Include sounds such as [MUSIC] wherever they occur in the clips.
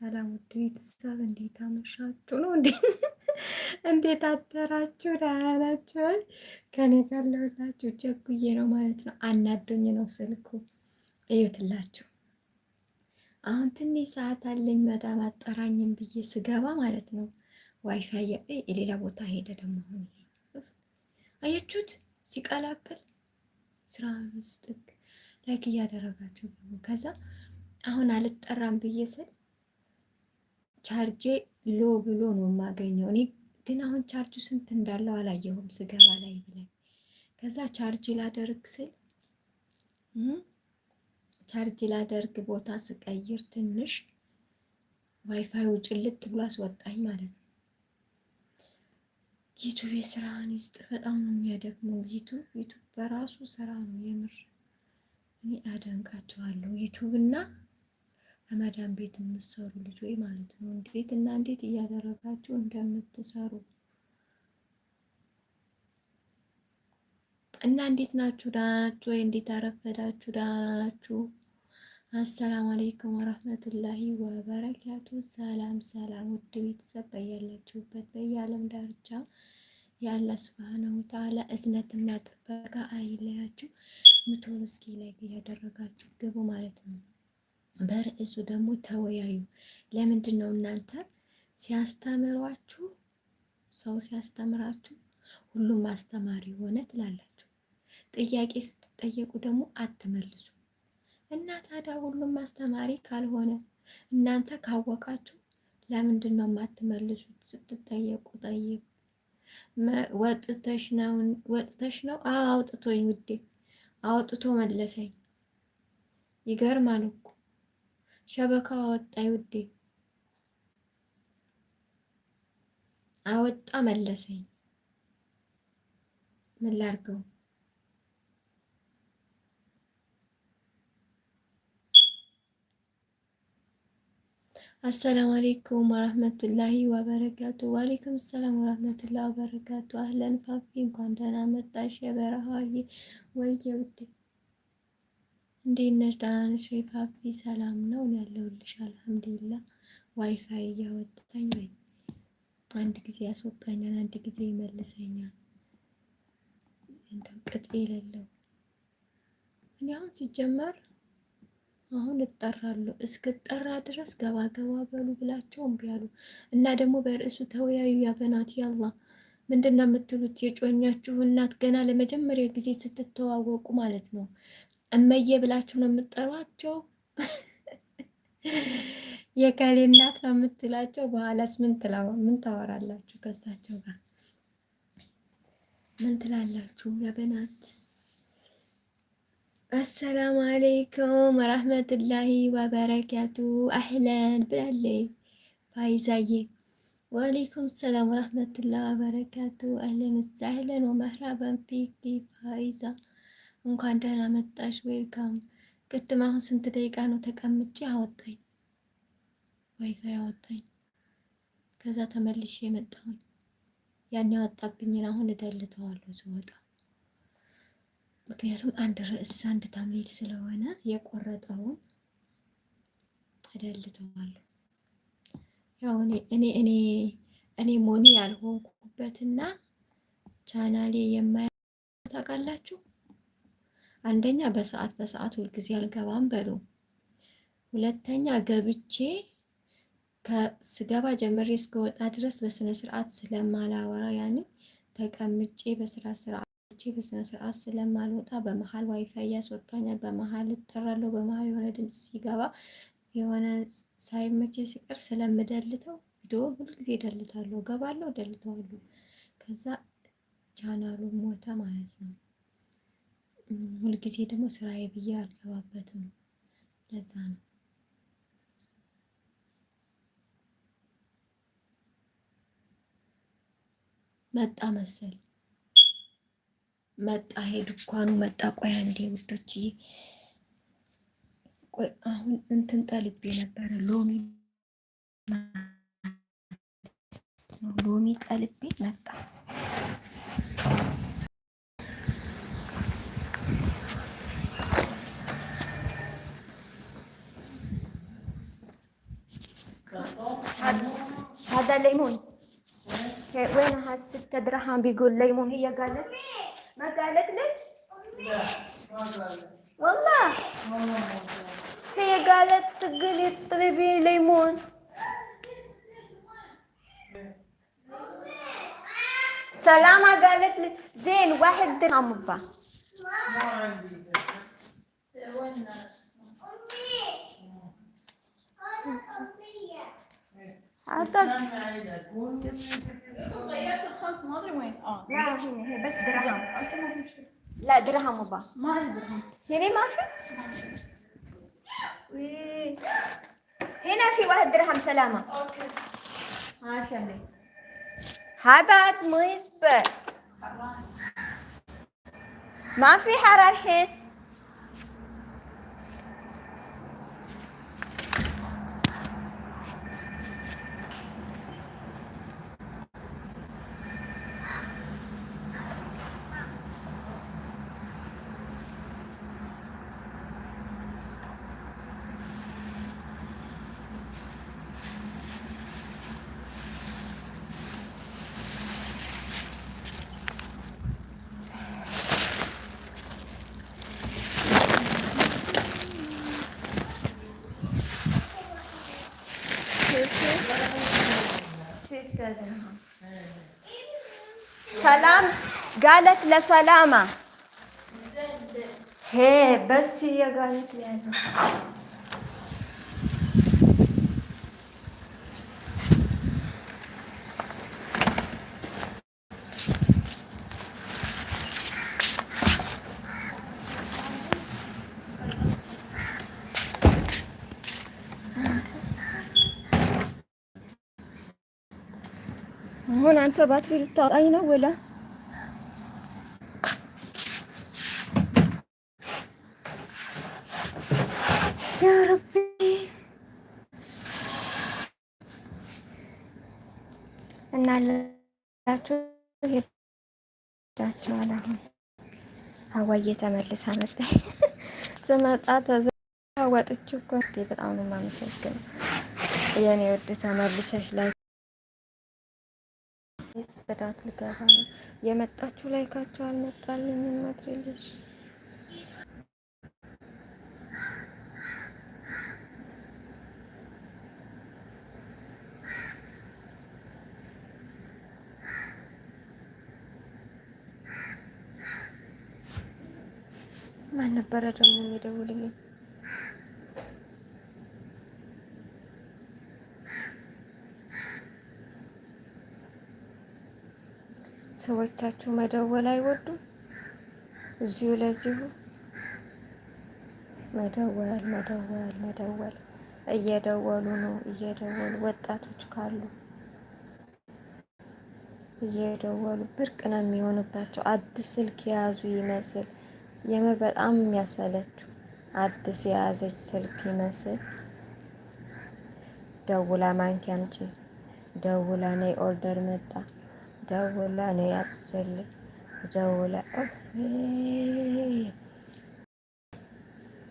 ሰላም ውድ ቤተሰብ እንዴት አመሻችሁ? ነው እንዴ? [LAUGHS] እንዴት አደራችሁ? ደህና ናችሁ? ከኔ ጋር ለሁላችሁ ቸኩዬ ነው ማለት ነው። አናዶኝ ነው ስልኩ። እዩትላችሁ። አሁን ትንሽ ሰዓት አለኝ መዳም አጠራኝም ብዬ ስገባ ማለት ነው ዋይፋይ የሌላ ቦታ ሄደ። ደግሞ አሁን አያችሁት ሲቀላቅል ስራ ውስጥ ላይክ እያደረጋችሁ ከዛ አሁን አልጠራም ብዬ ስል ቻርጄ ሎ ብሎ ነው የማገኘው። እኔ ግን አሁን ቻርጁ ስንት እንዳለው አላየሁም ስገባ ላይ ብለን ከዛ ቻርጅ ላደርግ ስል ቻርጅ ላደርግ ቦታ ስቀይር ትንሽ ዋይፋይ ውጭልት ብሎ አስወጣኝ ማለት ነው። ዩቱብ የስራን ይስጥ። በጣም ነው የሚያደግመው ዩቱብ ዩቱብ በራሱ ስራ ነው የምር። እኔ አደንቃቸዋለሁ ዩቱብ እና በመዳን ቤት የምትሰሩ ወይ ማለት ነው እንዴት እና እንዴት እያደረጋችሁ እንደምትሰሩ እና እንዴት ናችሁ? ደህና ናችሁ ወይ? እንዴት አረፈዳችሁ? ደህና ናችሁ? አሰላሙ አለይኩም ወረህመቱላሂ ወበረካቱ። ሰላም ሰላም፣ ውድ ቤተሰብ በያላችሁበት በየዓለም ዳርቻ ያለ ስብሃነሁ ወተዓላ እዝነትና ጥበቃ አይለያችሁ። ምቶሎ እስኪ ላይ እያደረጋችሁ ግቡ ማለት ነው። በርዕሱ ደግሞ ተወያዩ። ለምንድን ነው እናንተ ሲያስተምሯችሁ ሰው ሲያስተምራችሁ ሁሉም አስተማሪ ሆነ ትላላችሁ። ጥያቄ ስትጠየቁ ደግሞ አትመልሱ እና ታዲያ ሁሉም አስተማሪ ካልሆነ እናንተ ካወቃችሁ ለምንድን ነው የማትመልሱት? ስትጠየቁ ጠይቁ። ወጥተሽ ነው? አዎ አውጥቶኝ ውዴ፣ አውጥቶ መለሰኝ። ይገርማል እኮ ሸበካ አወጣ ይውዴ አወጣ መለሰኝ። ምን ላድርገው? አሰላሙ አሌይኩም ወረህመቱላሂ ወበረካቱ። ወአሌይኩም ሰላም ወረህመቱላሂ ወበረካቱ። አህለን ፋፊ እንኳን ደህና መጣሽ የበረሃዬ። ወይ ውዴ እንዴት ነሽ? ደህና ነሽ? ፋቢ ሰላም ነው ያለሁልሽ። አልሐምዱሊላ። ዋይፋይ እያወጣኝ ወይ አንድ ጊዜ ያስወጣኛል፣ አንድ ጊዜ ይመልሰኛል። እንደው ቅጥ የሌለው እኔ አሁን ሲጀመር አሁን እጠራለሁ እስክጠራ ድረስ ገባ ገባ በሉ ብላቸው እምቢ አሉ እና ደግሞ በርዕሱ ተወያዩ። ያ በናት ያላ ምንድን ነው የምትሉት? የጮኛችሁ እናት ገና ለመጀመሪያ ጊዜ ስትተዋወቁ ማለት ነው እመዬ ብላችሁ ነው የምትጠሯቸው? የከሌ እናት ነው የምትላቸው? በኋላስ ምን ትላው ምን ታወራላችሁ ከሳቸው ጋር ምን ትላላችሁ? ያበናት አሰላሙ አለይኩም ወራህመቱላሂ ወበረካቱ። አህለን ብላለይ ፋይዛዬ። ወአለይኩም ሰላም ወራህመቱላሂ ወበረካቱ። አህለን ወሳህለን ወመርሐበን ፊክ ፋይዛ እንኳን ደህና መጣሽ። ዌልካም። ቅድም አሁን ስንት ደቂቃ ነው ተቀምጬ አወጣኝ፣ ዋይፋይ አወጣኝ። ከዛ ተመልሼ የመጣሁኝ ያን ያወጣብኝን አሁን እደልተዋለሁ ስወጣ፣ ምክንያቱም አንድ ርዕስ አንድ ታምሌል ስለሆነ የቆረጠውን እደልተዋለሁ። ያው እኔ እኔ እኔ ሞኒ ያልሆንኩበትና ቻናሌ የማያ ታውቃላችሁ አንደኛ በሰዓት በሰዓት ሁልጊዜ አልገባም በሉ። ሁለተኛ ገብቼ ከስገባ ጀምሬ እስከወጣ ድረስ በስነ ስርዓት ስለማላወራ ያን ተቀምጬ በስራ ስርዓቶቼ በስነ ስርዓት ስለማልወጣ በመሀል ዋይፋይ ያስወጣኛል። በመሀል እጠራለሁ። በመሀል የሆነ ድምፅ ሲገባ የሆነ ሳይመቼ ሲቀር ስለምደልተው ቪዲዮ ሁልጊዜ ደልታለሁ። ገባለሁ፣ ደልተዋለሁ። ከዛ ቻናሉ ሞተ ማለት ነው። ሁልጊዜ ደግሞ ስራዬ ብዬ አልገባበትም። ለዛ ነው መጣ መሰል መጣ ሄዱ እንኳኑ መጣ። ቆይ አንዴ ውዶች፣ ቆይ አሁን እንትን ጠልቤ ነበረ ሎሚ ሎሚ ጠልቤ መጣ። هذا ليمون وينها الستة درهم بيقول ليمون هي قالت ما قالت لك؟ والله هي قالت قولي طلبي ليمون سلامة قالت لي زين واحد درهم با ما عندي عطاك غيرت الخمس ما ادري وين اه لا هي بس درهم لا درهم وبا ما عندي درهم هنا ما في؟ هنا في واحد درهم سلامة اوكي ها سلمي هبت ما يصبر ما في حرارة الحين ሰላም قالت لسلامة هي بس هي قالت لي ከባትሪ ልታወጣኝ ነው ወላ ያ ረቢ እና ሄዳቸዋል። አሁን ሀዋዬ ተመልሳ መጣኝ። ስመጣ ተዘ እኮ በጣም ነው የማመሰግነው የኔ ውድ ተመልሰሽ ላይ ስ በዳት ልገባ ነው የመጣችሁ ላይካችሁ አልመጣልኝ ማትሬልሽ ማን ነበረ ደግሞ የሚደውልልኝ? ሰዎቻችሁ መደወል አይወዱም። እዚሁ ለዚሁ መደወል መደወል መደወል እየደወሉ ነው እየደወሉ ወጣቶች ካሉ እየደወሉ ብርቅ ነው የሚሆንባቸው። አዲስ ስልክ የያዙ ይመስል የምር በጣም የሚያሰለችው አዲስ የያዘች ስልክ ይመስል ደውላ ማንኪያምጪ ደውላ ነይ ኦርደር መጣ ደውላ ነው ያጽጀልኝ ደውላ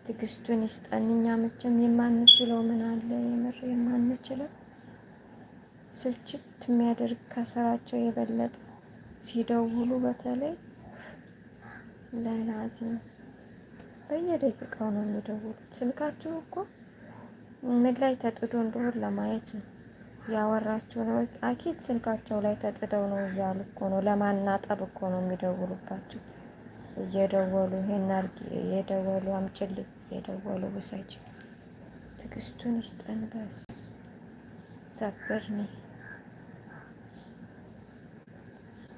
ትግስቱን ይስጠን። እኛ መቼም የማንችለው ምን አለ የምር የማንችለው ስልችት የሚያደርግ ከስራቸው የበለጠ ሲደውሉ በተለይ ለላዝም በየደቂቃው ነው የሚደውሉት። ስልካችሁ እኮ ምን ላይ ተጥዶ እንደሆን ለማየት ነው። ያወራቸው ነው። አኪድ ስልካቸው ላይ ተጥደው ነው እያሉ እኮ ነው። ለማናጠብ እኮ ነው የሚደውሉባቸው። እየደወሉ ይሄን አድርጊ፣ እየደወሉ አምጪልኝ፣ እየደወሉ ውሰጅ። ትግስቱን ይስጠን። በስ ሰብርኒ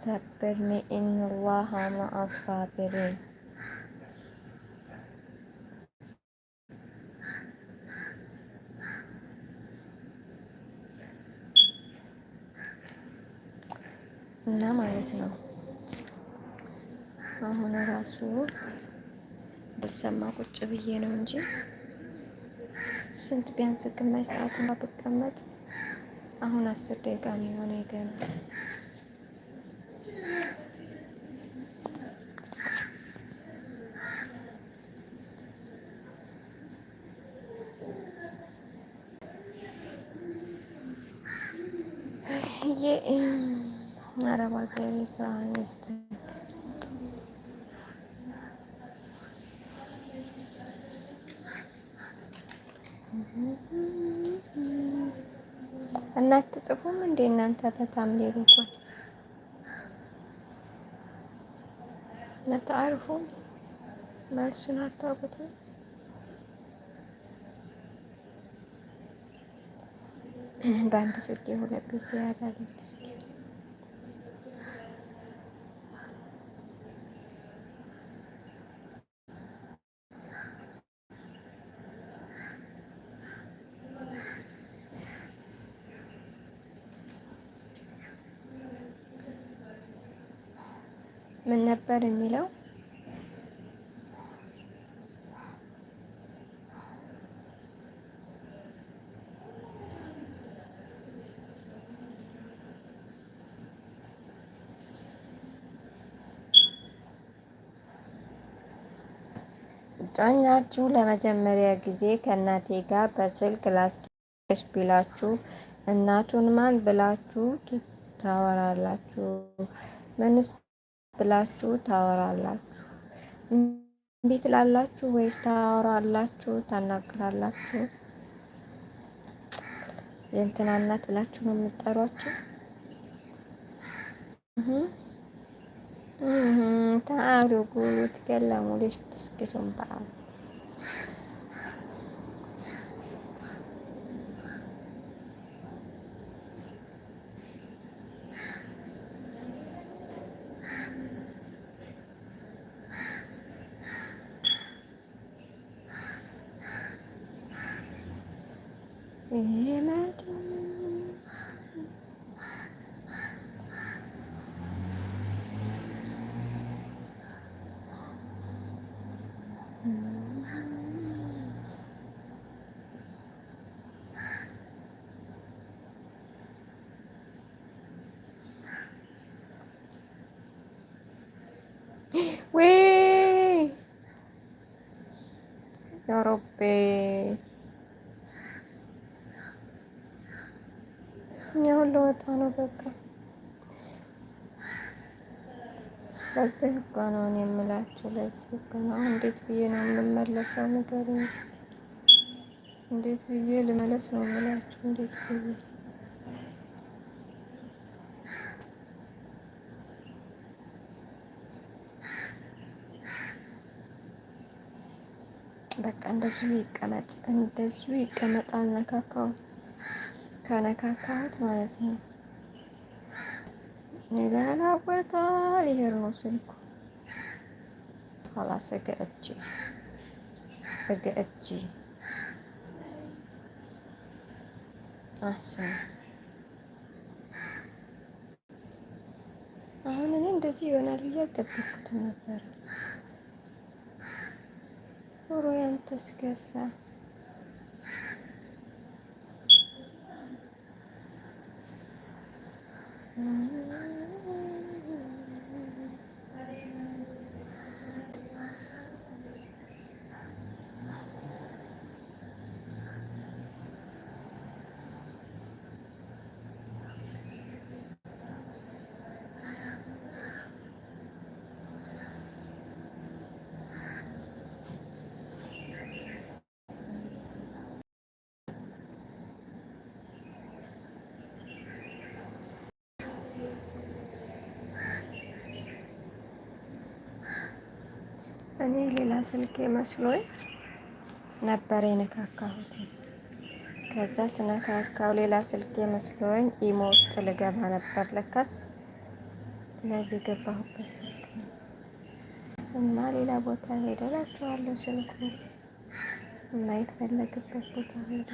ሰብርኒ ኢንላሃ ማአሳቢሪን እና ማለት ነው አሁን ራሱ ብልሰማ ቁጭ ብዬ ነው እንጂ ስንት ቢያንስ ግማሽ ሰዓቱን ብቀመጥ አሁን አስር ደቂቃ ነው የሆነ ገና ይሄ አረብ ሀገር የስራ ይስጠን። እናት ጽፉም እንዴ እናንተ በጣም ሌሉ እንኳን መታርፉም መልሱን አታውቁትም። በአንድ ስልክ የሁለት ጊዜ ያላለ ነበር የሚለው ዳኛችሁ ለመጀመሪያ ጊዜ ከእናቴ ጋር በስልክ ላስታውቅሽ ቢላችሁ እናቱን ማን ብላችሁ ታወራላችሁ? ምንስ ብላችሁ ታወራላችሁ? እምቢ ትላላችሁ ወይስ ታወራላችሁ፣ ታናግራላችሁ? የእንትና እናት ብላችሁ ነው የምጠሯቸው? ተአሉ ጉሉ ትከለሙ ሌሽ ትስኪቱም በአል 哎妈！አሁን ለወጣ ነው በቃ ለዚህ እኮ ነው እኔ የምላችሁ። ለዚህ እኮ ነው እንዴት ብዬ ነው የምመለሰው? ነገር እስኪ እንዴት ብዬ ልመለስ ነው የምላችሁ? እንዴት ብዬ በቃ እንደዚሁ ይቀመጥ፣ እንደዚሁ ይቀመጥ። አልነካካውም ከነካካሁት ማለት ነው። ሌላ ቦታ ሊሄድ ነው ስልኩ። ኋላስ እገ እጅ እገ እጅ አሁን እኔ እንደዚህ ይሆናል ብዬ አልጠበኩትም ነበር። ኑሮ ያንተስ እኔ ሌላ ስልክ መስሎኝ ነበር የነካካሁት። ከዛ ስነካካው ሌላ ስልክ መስሎኝ ኢሞ ውስጥ ልገባ ነበር። ለካስ ለዚህ የገባሁበት ስልክ እና ሌላ ቦታ ሄደ ስልኩ የማይፈለግበት ቦታ ሄደ።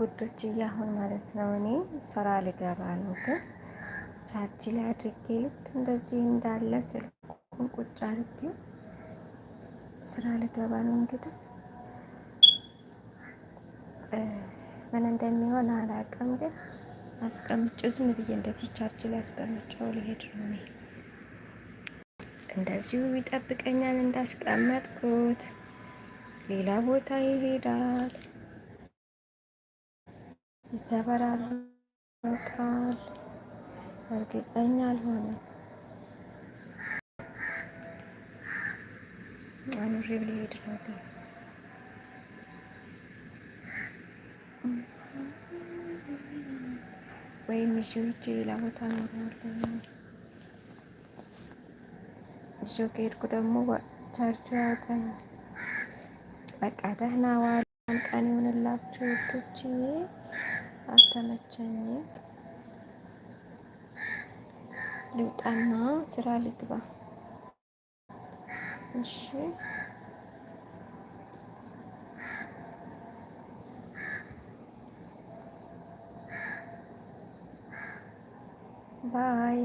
ውዶች እያሁን ማለት ነው። እኔ ስራ ልገባ ነው፣ ግን ቻርጅ ላይ አድርጌ ልክ እንደዚህ እንዳለ ስልኩን ቁጭ አድርጌ ስራ ልገባ ነው። እንግዲህ ምን እንደሚሆን አላውቅም፣ ግን አስቀምጬው ዝም ብዬ እንደዚህ ቻርጅ ላይ አስቀምጬው ሊሄድ ነው። እኔ እንደዚሁ ይጠብቀኛል እንዳስቀመጥኩት ሌላ ቦታ ይሄዳል። ይዘበራርቃል። እርግጠኛ አልሆነም። አኑሬ ብሄድ ነው ወይም ይዤው ሂጅ ሌላ ቦታ ኖረዋለሁ። ይዤው ከሄድኩ ደግሞ ቻርጁ ያወጣኝ። በቃ ደህና ዋል ቀን ይሆንላችሁ ዶችዬ አልተመቸኝም። ልውጣና ስራ ልግባ። እሺ ባይ